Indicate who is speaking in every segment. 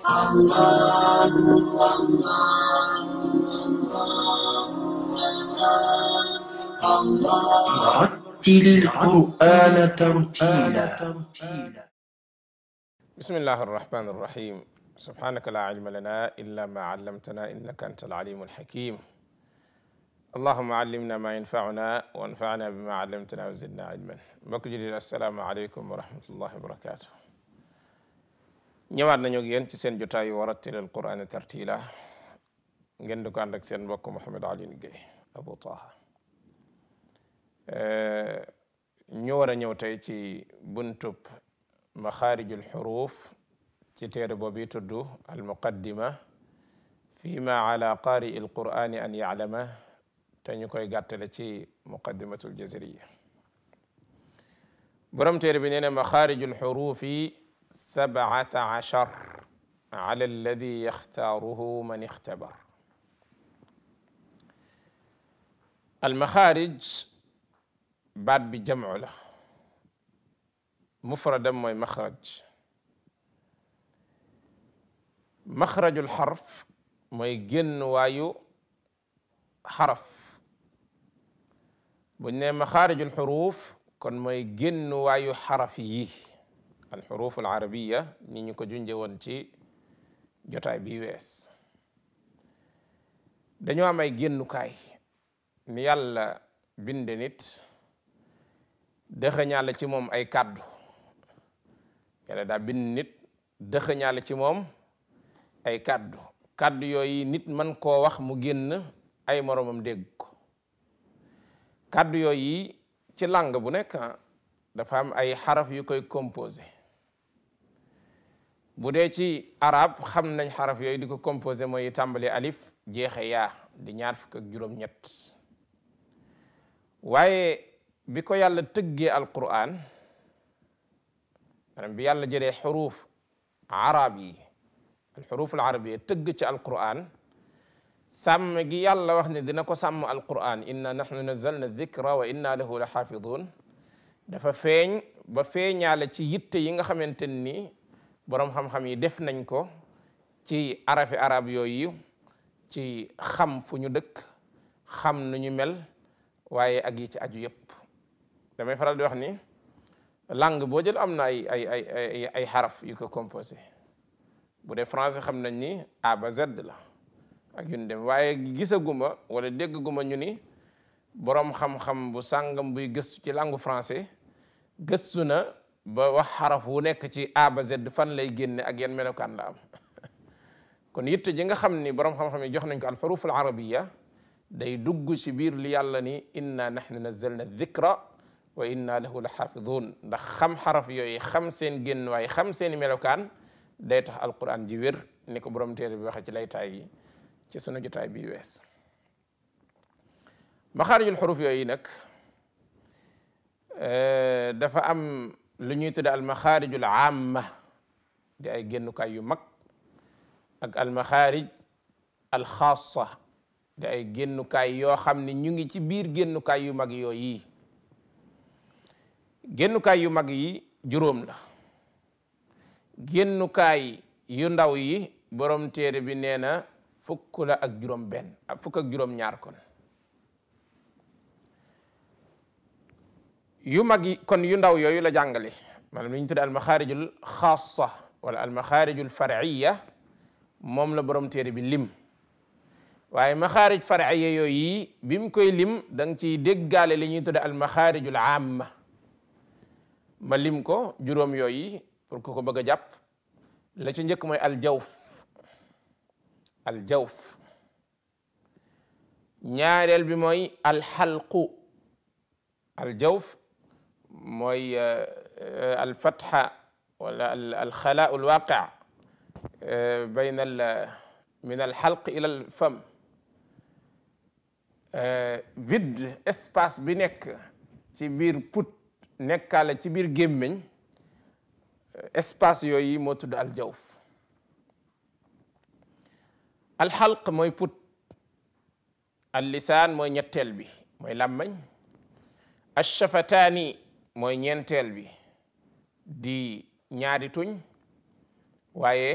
Speaker 1: الله الله
Speaker 2: الله رتل القرآن ترتيلا بسم الله الرحمن الرحيم سبحانك لا علم لنا إلا ما علمتنا إنك أنت العليم الحكيم اللهم علمنا ما ينفعنا وانفعنا بما علمتنا وزدنا علما mbokk jullit assalaamu aleykum wa rahmatullahi wa barakatuh ñëwaat nañu ak yéen ci seen jotaayu warattilil qur'ana la ngeen di ko ànd ak seen mbokk Mouhamed Alioune Guèye Abou Taha eh, ñu war a ñëw tey ci buntub maxaarijul xuruuf ci téere boobu tudd al muqaddima fi ma ala qaari il qur'ani an yaclama te ñu koy gàttale ci muqaddimatul jazariya borom téere bi nee na sabata achar ala alladi yaxtaaruhu man ixtabar almaxaarij baat bi jamcu la mufradam mooy maxraj maxrajul xarf mooy génn waayu xaraf buñ ne maxaarijul xuruuf kon mooy génn waayu xaraf yi alxuruf al arabiya ni ñu ko junje woon ci jotaay bi wees dañoo am ay génnukaay ni yàlla binde nit dëxëñaale ci moom ay kàddu yàlla nit dëxëñaale ci moom ay kàddu kàddu yooyu nit man koo wax mu génn ay moroomam dégg ko kàddu yi ci langue bu nekk dafa am ay xaraf yu koy composé bu dee ci arab xam nañ xaraf yooyu di ko composé mooy tàmbali alif jeexe ya di ñaar fukk ak juróom-ñett waaye bi ko yàlla tëggee alquran maanaam bi yàlla jëlee xuruuf arab yi alxuruf al tëgg ci alquran sàmm gi yàlla wax ne dina ko sàmm alquran inna nahnu nazzalna dikra wa inna lahu la xaafidun dafa feeñ ba feeñaale ci yitte yi nga xamante ni boroom xam-xam yi def nañ ko ci arafi arab yooyu ci xam fu ñu dëkk xam nañu mel waaye ak yi ci aju yëpp damay faral di wax ni langue boo jël am na ay ay ay ay ay xaraf yu ko composé bu dee français xam nañ ni A ba la ak yu ñu dem waaye gisaguma wala déggaguma ñu ni boroom xam-xam bu sàngam buy gëstu ci langue français gëstu na ba wax xaraf wu nekk ci A ba fan lay génne ak yan melokaan la am kon yitte ji nga xam ni borom xam-xam yi jox nañ ko alxuruf al arabiya day dugg ci biir li yàlla ni inna nahnu nazzalna dikra wa inna lahu la xaafidun ndax xam xaraf yooyu xam seen génn waaye xam seen melokaan day tax alquran ji wér ni ko borom téere bi waxee ci laytaay yi ci sunu jotaay bii wees maxaarijul xuruf eh, dafa am lu ñuy tudde almaxaarijul aamma di ay génnukaay yu mag ak almaxaarij alxaasa di ay génnukaay yoo xam ni ñu ngi ci biir génnukaay yu mag yoo yi génnukaay yu mag yi juróom la génnukaay yu ndaw yi borom téere bi nee na fukk la ak juróom benn fukk ak juróom ñaar kon yu mag yi kon yu ndaw yooyu la jàngale maanaam li ñu tudde almaxaarijul xaasa wala almaxaarijul fariya moom la borom téere bi lim waaye maxaarij fariya yooyu bi mu koy lim da nga ciy déggaale li ñuy tudde almaxaarijul amma ma lim ko juróom yooyu pour ku ko bëgg jàpp la ci njëkk mooy aljawf aljawf ñaareel bi mooy alxalqu aljawf mooy euh, euh, alfatxa wala alxalaa alwaqia euh, bayna min alxalq ila alfam vide espace bi nekk ci biir put nekkaale ci biir gémmiñ espace yooyu moo tudd aljawf alxalq mooy put allisaan mooy ñetteel bi mooy làmmañ alshafataani mooy ñeenteel bi di ñaari tuñ waaye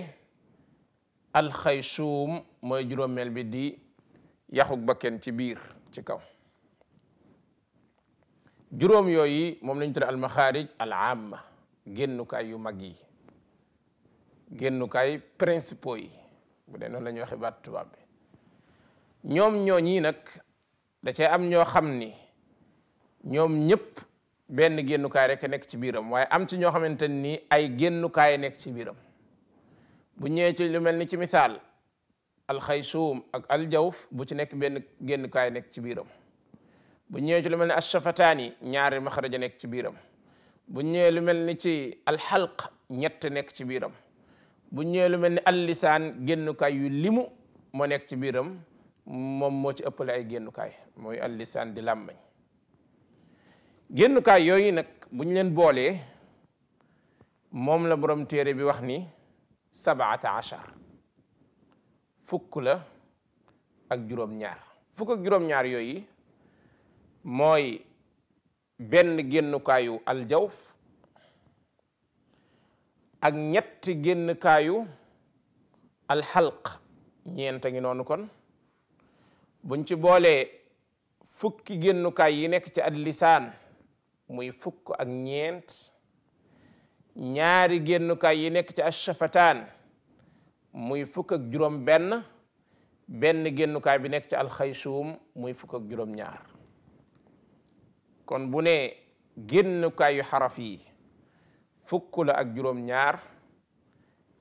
Speaker 2: alxaysuum mooy juróomeel bi di yaxuk bakken ci biir ci kaw juróom yooyu moom lañ tudde almaxaarij al amma génnukaay yu mag yi génnukaay principaux yi bu dee noonu la ñuy waxe baat tubaab bi ñoom ñooñi nag da cee am ñoo xam ni ñoom ñëpp benn génnukaay rek nekk ci biiram waaye am ci ñoo xamante ni ay génnukaay nekk ci biiram bu ñëwee ci lu mel ni ci misaal alxaysuum ak aljawf bu ci nekk benn génnukaay nekk ci biiram bu ñëwee ci lu mel ni ashafataani ñaari maxraja nekk ci biiram bu ñëwee lu mel ni ci alxalq ñett nekk ci biiram bu ñëwee lu mel ni allisaan génnukaay yu limu moo nekk ci biiram moom moo ci ëppale ay génnukaay mooy allisaan di làmmañ génnukaay yooyu nag buñ leen boolee moom la borom téere bi wax ni sabaata achar fukk la ak juróom-ñaar fukk ak juróom-ñaar yooyu mooy benn génnukaayu aljawf ak ñetti génnukaayu alxalq ñeenta ngi noonu kon buñ ci boolee fukki génnukaay yi nekk ci al lisaan muy fukk ak ñeent ñaari génnukaay yi nekk ci ashafataan muy fukk ak juróom benn benn génnukaay bi nekk ci alxaysuum muy fukk ak juróom ñaar kon bu ne génnukaayu xaraf yi fukk la ak juróom ñaar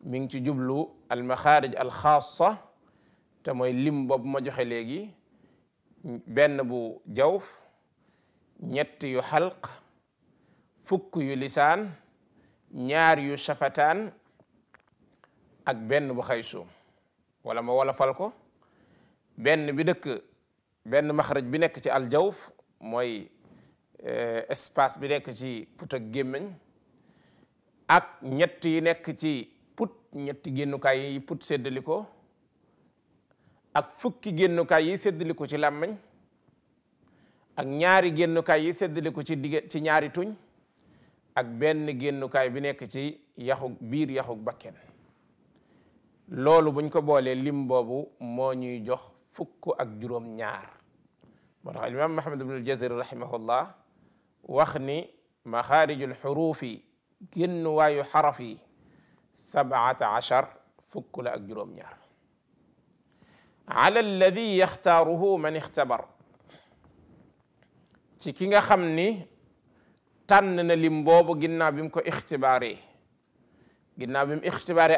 Speaker 2: mi ngi ci jublu almaxaarij alxaasa te mooy lim boobu ma joxe léegi benn bu jawf ñett yu xalq fukk yu lisaan ñaar yu shafataan ak benn bu xay suum wala ma wala ko benn bi dëkk benn maxraj bi nekk ci aljawf mooy eh, espace bi nekk ci put ak gémmiñ ak ñett yi nekk ci put ñetti génnukaay yi put séddali ko ak fukki génnukaay yi séddali ko ci làmmiñ ak ñaari génnukaay yi séddaliku ci digg ci ñaari tuñ ak benn génnukaay bi nekk ci yaxug biir yaxug bakken loolu buñ ko boolee lim boobu moo ñuy jox fukk ak juróom ñaar moo tax alimam Muhammad ibnul Jazari rahimahullah wax ni maxaarijul xuruufi génn waayu xaraf yi sabata fukk la ak juróom ñaar ala alladi man ixtabar ci ki nga xam ni tànn na lim boobu ginnaaw bi mu ko ixtibaaree ginnaaw bi mu ixtibaaree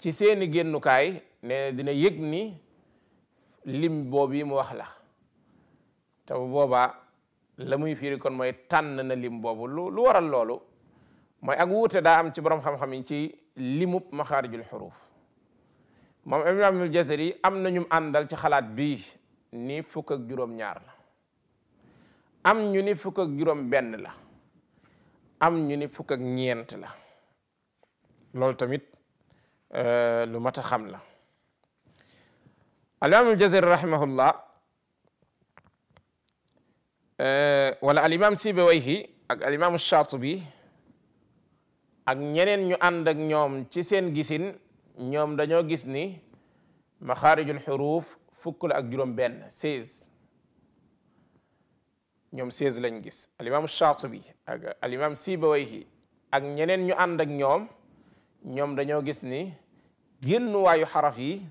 Speaker 2: ci seeni génnukaay ne dina yëg ni lim boobu yi mu wax la te bu la muy firi kon mooy tànn na lim boobu lu waral loolu mooy ak wuute daa am ci borom xam-xam yi ci limub maxaarijul xuruuf moom imaam al jazari am na ñu àndal ci xalaat bi ni fukk ak juróom-ñaar am ñu ni fukk ak juróom benn la am ñu ni fukk ak ñeent la loolu tamit euh, lu mat a xam la alimam aljazari rahimahullah euh, wala alimam sibawayhi ak alimam shatibi ak ñeneen ñu ànd ak ñoom ci seen gisin ñoom dañoo gis ni maxaarijul xuruuf fukk la ak juróom benn ñoom seize lañ gis alimam Shaatibi ak alimam Sibawayhi ak ñeneen ñu ànd ak ñoom ñoom dañoo gis ni génnuwaayu xaraf yi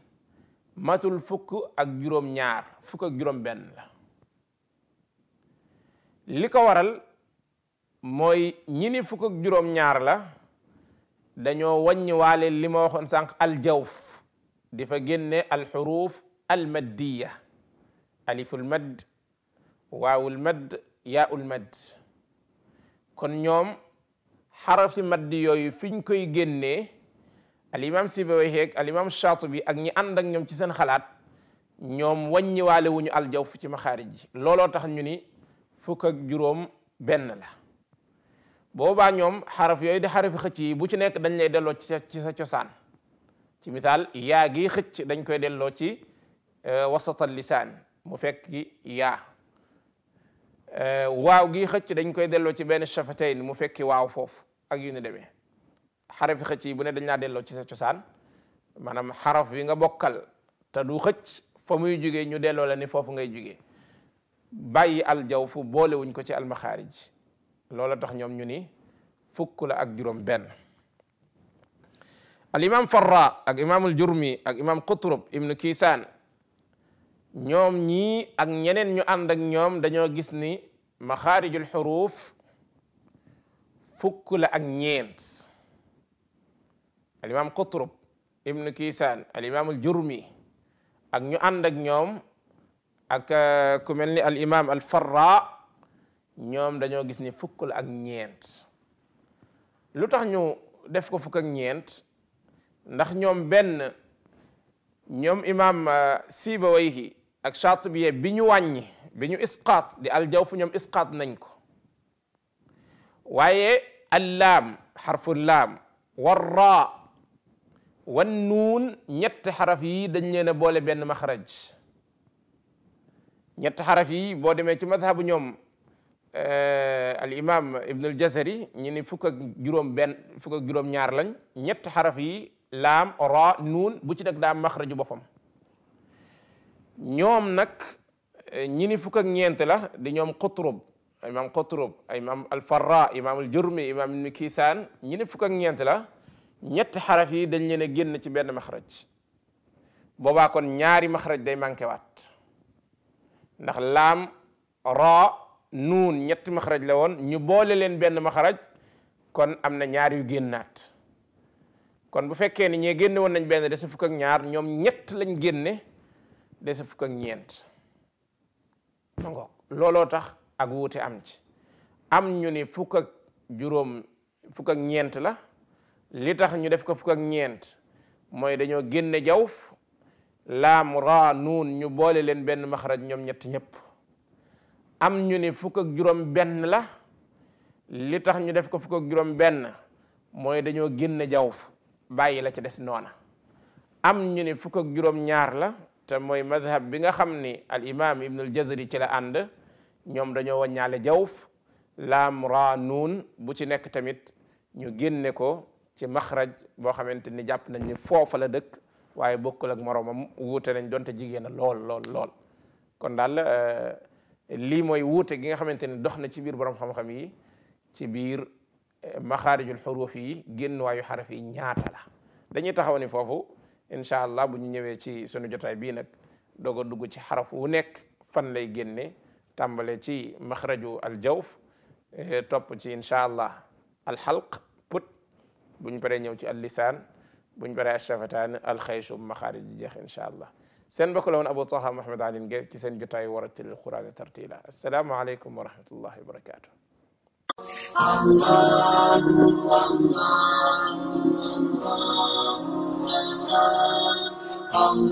Speaker 2: matul fukk ak juróom-ñaar fukk ak juróom-benn la li ko waral mooy ñi ni fukk ak juróom-ñaar la dañoo wàññiwaale li ma waxoon sànq aljawf difa fa génne alxuruf almaddiya aliful madd waawul madd yaa'ul madd kon ñoom xarafi madd yooyu fiñ koy génnee alimam Sibawayh ak alimam Shaatibi ak ñi ànd ak ñoom ci seen xalaat ñoom wàññiwaale wuñu aljawf ci maxaarij ji looloo tax ñu ni fukk juróom benn la boobaa ñoom xaraf yooyu di xarafi xëcc yi bu ci nekk dañ lay delloo ci sa ci sa cosaan ci misaal yaa gi xëcc dañ koy delloo ci eh, wasatal lisaan mu fekk yaa Eh, waaw gi xëcc dañ koy delloo ci benn shafatayn mu fekki waaw foofu ak yu ne demee xarafi xëcc yi bu ne dañ laa delloo ci sa cosaan maanaam xaraf wi nga bokkal te du xëcc fa muy jugee ñu delloo la ni foofu ngay jugee bàyyi aljaw fu boole wuñ ko ci almaxaarij loola tax ñoom ñu ni fukk la ak juróom benn al imam farra ak imamul jurmi ak imam qutrub ibnu kiisaan ñoom ñii ak ñeneen ñu ànd ñoom dañoo gis ni maxaarijul xuruuf fukk la ak ñeent alimaam Qutrub ibnu Kiisaan alimaamul Jurmi ak ñu ànd ñoom ak euh, ku al imaam al Farra ñoom dañoo gis ni fukk la ak ñeent lu tax ñu def ko fukk ak ñeent ndax ñoom benn ñoom imaam euh, Sibawayhi ak chatibiye bi ñu wàññi bi ñu isqaat di aljawfu ñoom isqaat nañ ko waaye allaam xarfu laam warraa wan nuun ñetti xaraf yi dañ leen boole benn maxraj ñetti xaraf yi boo demee ci madhabu ñoom eh, al imam ibn al jazari ñu ni fukk ak juróom ñaar lañ ñetti xaraf yi laam ra nuun bu ci nag daa maxraju boppam ñoom nag eh, ñi ni fukk ak ñeent la di ñoom Qutrub imam Qutrub imam Alfarra imam Aljurmi imam Ibn Kisan ñi fukk ak ñeent la ñetti xaraf yi dañ leen génn ci benn maxraj boobaa kon ñaari maxraj day manqué waat ndax laam ra nuun ñetti maxraj la woon ñu boole leen benn maxraj kon am na ñaar yu génnaat kon bu fekkee ni ñee génne woon nañ benn de sa fukk ak ñaar ñoom ñett lañ génne dese fukk ak looloo tax ak wuute am ci am ñu ni fukk juróom fukk ñeent la li tax ñu def ko fukk ak ñeent mooy dañoo génne jawf laam ra ñu boole leen benn maxraj ñoom ñett ñëpp am ñu ni fukk juróom benn la li tax ñu def ko fukk juróom benn mooy dañoo génne jawf bàyyi la ci des noona am ñu ni fukk juróom ñaar la te mooy madhab bi nga xam ni al imam ibnul jazari ci la ànd ñoom dañoo wañaale jawf laam ra nuun bu ci nekk tamit ñu génne ko ci maxraj boo xamante ni jàpp nañ ni foofa la dëkk waaye bokkul ak moroomam wuute nañ donte jigéen a lool lool lool euh, lii mooy wuute gi nga xamante ni dox na ci biir boroom xam-xam yi ci biir euh, maxaarijul xuruuf yi génn waayu xaraf yi ñaata dañuy taxaw ni foofu incha allah bu ñu ñëwee ci sunu jotaay bii nag doog dugg ci xaraf wu nekk fan lay génne tàmbale ci maxraju aljawf eh, topp ci incha allah alxalq put bu ñu paree ñëw ci allisaan bu ñu paree achafataan alxaysu maxaarij jeex incha allah seen mbokk la woon Abou Taha Mouhamed Alioune Guèye ci seen jotaay warattilil Qur'ana tartila asalaamualeykum wa rahmatullahi wa barakatuh. رتل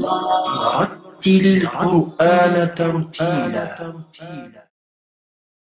Speaker 2: القرآن ترتيلا